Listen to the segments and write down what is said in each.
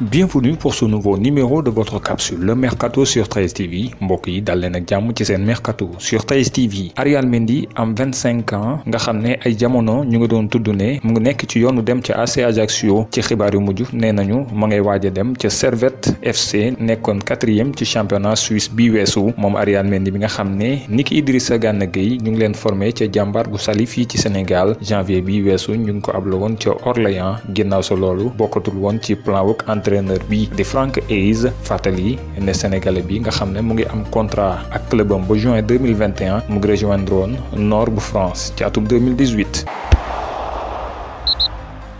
bienvenue pour ce nouveau numéro de votre capsule le mercato sur 13 TV Mboki, Dalena dal ak ci sen mercato sur 13 TV Ariel Mendy am 25 ans nga xamné ay jamono ñu ngi doon tudd mu ngi nekk ci yoonu dem ci AC Ajaccio ci xibaar yu mujj nee nañu ma ngay dem ci Servette FC 4 quatrième ci championnat suisse bi wessu mom Arial Mendy bi nga xamné Niki ni Idrissa Gana Gueye ñu ngi leen formé ci jambar bu sali ci Sénégal janvier bi wessu ñu ngi ko ablo won ci Orléans ginnaaw sa lolu bokkatul won ci plan entre entraîneur bi di Franck Eyes fàttali ne sénégalais bi nga xam ne mu ngi am contrat ak clubam ba juin 2021 mu ngi rejoindre woon nord bu France ci atum 2018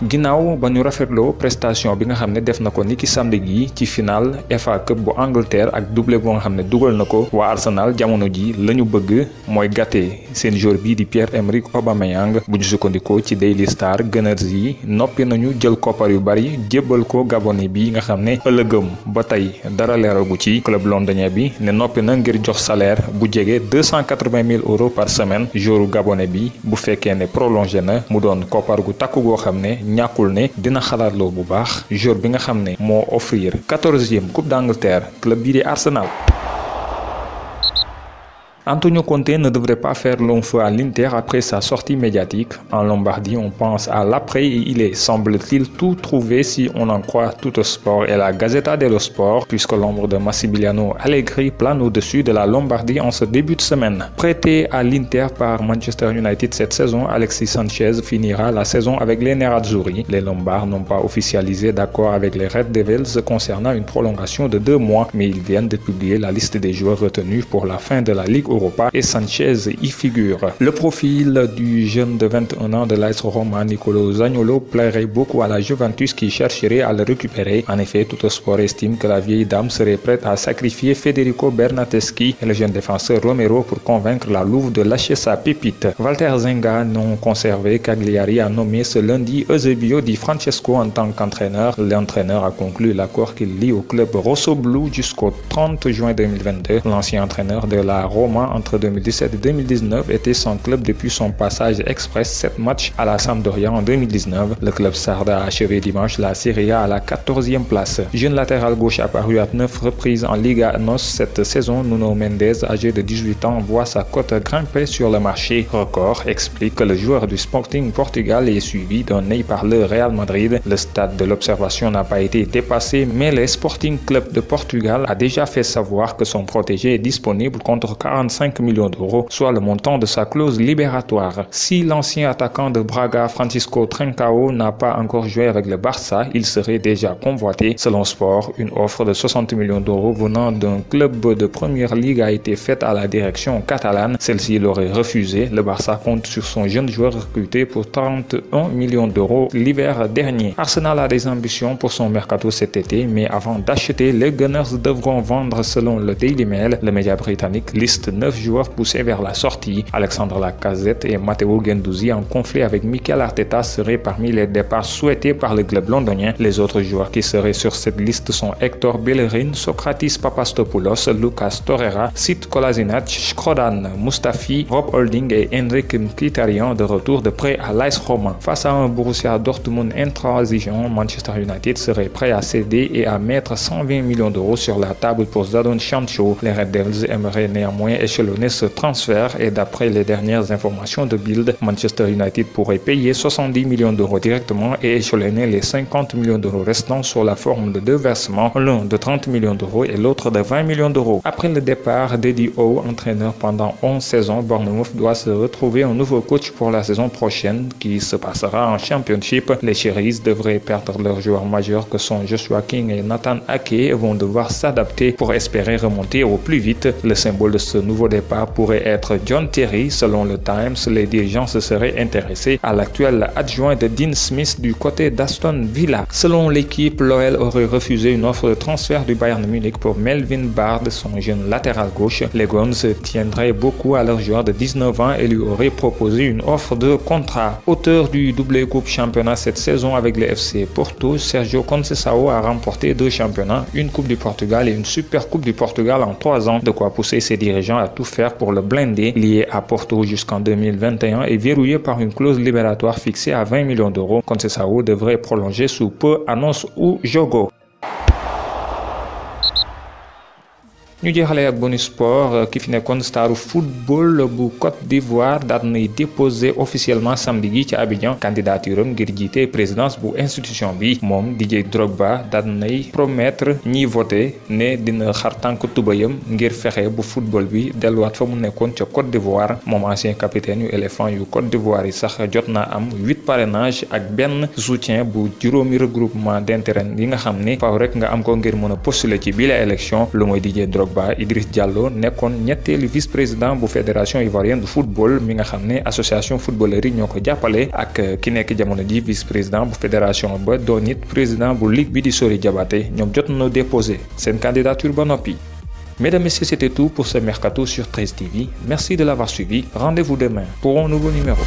ginnaaw ba ñu rafetloo prestation bi nga xam ne def na ko niki samedi gi ci final FA Cup bu Angleterre ak double boo nga xam ne dugal na ko waa Arsenal jamono ji la ñu bëgg mooy gàttee seen joueur bii di Pierre-Emerick Aubameyang bu ñu sukkandikoo ci Daily Star Gunners yi noppi nañu jël koppar yu bari jébbal ko Gabonais bi nga xam ne ëllëgëm ba tey dara leeragu ci club londonien bi ne noppi na ngir jox salaire bu jege deux cent quatre-vingt mille euros par semaine joueur Gabonais bi bu fekkee ne prolongé na mu doon koppar gu takku goo xam ne. ñàkkul ne dina xalaatloo bu baax jour bi nga xam ne moo offrir quatorzième coupe d'Angleterre club bii di Arsenal. Antonio Conte ne devrait pas faire long feu à l'Inter après sa sortie médiatique. En Lombardie, on pense à l'après et il est, semble-t-il, tout trouvé si on en croit tout au sport et la Gazzetta dello Sport, puisque l'ombre de Massimiliano Allegri plane au-dessus de la Lombardie en ce début de semaine. Prêté à l'Inter par Manchester United cette saison, Alexis Sanchez finira la saison avec les Nerazzurri. Les Lombards n'ont pas officialisé d'accord avec les Red Devils concernant une prolongation de deux mois, mais ils viennent de publier la liste des joueurs retenus pour la fin de la Ligue Europa et Sanchez y figure. Le profil du jeune de 21 ans de l'AS Roma Nicolo Zagnolo plairait beaucoup à la Juventus qui chercherait à le récupérer. En effet, tout sport estime que la vieille dame serait prête à sacrifier Federico Bernateschi et le jeune défenseur Romero pour convaincre la Louve de lâcher sa pépite. Walter Zenga, non conservé, Cagliari a nommé ce lundi Eusebio Di Francesco en tant qu'entraîneur. L'entraîneur a conclu l'accord qu'il lie au club Rosso Blue jusqu'au 30 juin 2022. L'ancien entraîneur de la Roma entre 2017 et 2019 était son club depuis son passage express 7 matchs à la Sampdoria en 2019. Le club Sarda a achevé dimanche la Serie A à la 14e place. Jeune latéral gauche apparu à 9 reprises en Liga Nos cette saison, Nuno Mendes, âgé de 18 ans, voit sa cote grimper sur le marché. Record explique que le joueur du Sporting Portugal est suivi d'un œil par le Real Madrid. Le stade de l'observation n'a pas été dépassé, mais le Sporting Club de Portugal a déjà fait savoir que son protégé est disponible contre 40 5 millions d'euros, soit le montant de sa clause libératoire. Si l'ancien attaquant de Braga, Francisco Trincao, n'a pas encore joué avec le Barça, il serait déjà convoité. Selon Sport, une offre de 60 millions d'euros venant d'un club de première ligue a été faite à la direction catalane. Celle-ci l'aurait refusée. Le Barça compte sur son jeune joueur recruté pour 31 millions d'euros l'hiver dernier. Arsenal a des ambitions pour son mercato cet été, mais avant d'acheter, les Gunners devront vendre selon le Daily Mail. Le média britannique liste neuf joueurs poussés vers la sortie. Alexandre Lacazette et Matteo Guendouzi en conflit avec Mikel Arteta seraient parmi les départs souhaités par le club londonien. Les autres joueurs qui seraient sur cette liste sont Hector Bellerin, Socrates Papastopoulos, Lucas Torreira, Sid Kolasinac, Skrodan Mustafi, Rob Holding et Henrik Mkhitaryan de retour de prêt à l'Ice Roman. Face à un Borussia Dortmund intransigeant, Manchester United serait prêt à céder et à mettre 120 millions d'euros sur la table pour Zadon Sancho. Les Red Devils aimeraient néanmoins échelonner ce transfert et d'après les dernières informations de Build, Manchester United pourrait payer 70 millions d'euros directement et échelonner les 50 millions d'euros restants sur la forme de deux versements, l'un de 30 millions d'euros et l'autre de 20 millions d'euros. Après le départ d'Eddie Howe, entraîneur pendant 11 saisons, Bournemouth doit se retrouver un nouveau coach pour la saison prochaine qui se passera en Championship. Les Cherries devraient perdre leurs joueurs majeurs que sont Joshua King et Nathan Ake et vont devoir s'adapter pour espérer remonter au plus vite. Le symbole de ce nouveau départ pourrait être John Terry. Selon le Times, les dirigeants se seraient intéressés à l'actuel adjoint de Dean Smith du côté d'Aston Villa. Selon l'équipe, l'OL aurait refusé une offre de transfert du Bayern Munich pour Melvin Bard, son jeune latéral gauche. Les Guns tiendraient beaucoup à leur joueur de 19 ans et lui auraient proposé une offre de contrat. Auteur du double Coupe Championnat cette saison avec le FC Porto, Sergio Conceição a remporté deux championnats, une Coupe du Portugal et une Super Coupe du Portugal en trois ans, de quoi pousser ses dirigeants à tout faire pour le blinder lié à Porto jusqu'en 2021 et verrouillé par une clause libératoire fixée à 20 millions d'euros. Contessao devrait prolonger sous peu, annonce ou Jogo. ñu jeexalee ak bonus sport euh, ki fi nekkoon staru football bu Côte d'Ivoire daal nay déposé officiellement samedi gi ci Abidjan candidature ngir jiite présidence bu institution bi mom DJ Drogba daal nay promettre ñi voté ne dina xar tànk tubayam ngir fexé bu football bi delluwaat fa mu nekkoon ca Côte d'Ivoire mom ancien capitaine yu éléphant yu Côte d'Ivoire yi sax jotna am 8 parrainage ak benn soutien bu juróomi regroupement d'intérêt yi nga xamné ne faaw rek nga am ko ngir mëna postuler ci la élection lu moy DJ Drogba Ba Idriss Diallo nekkoon ñetteelu vice président bu fédération ivoirienne du football mi nga xam ne association footballeur yi ñoo ko jàppale ak ki nekk jamono ji vice président bu fédération ba doon it président bu ligue bi di Sori Diabaté ñoom jot nañoo déposé seen candidature ba noppi. Mesdames et messieurs, c'était tout pour ce mercato sur 13 TV. Merci de l'avoir suivi. Rendez-vous demain pour un nouveau numéro.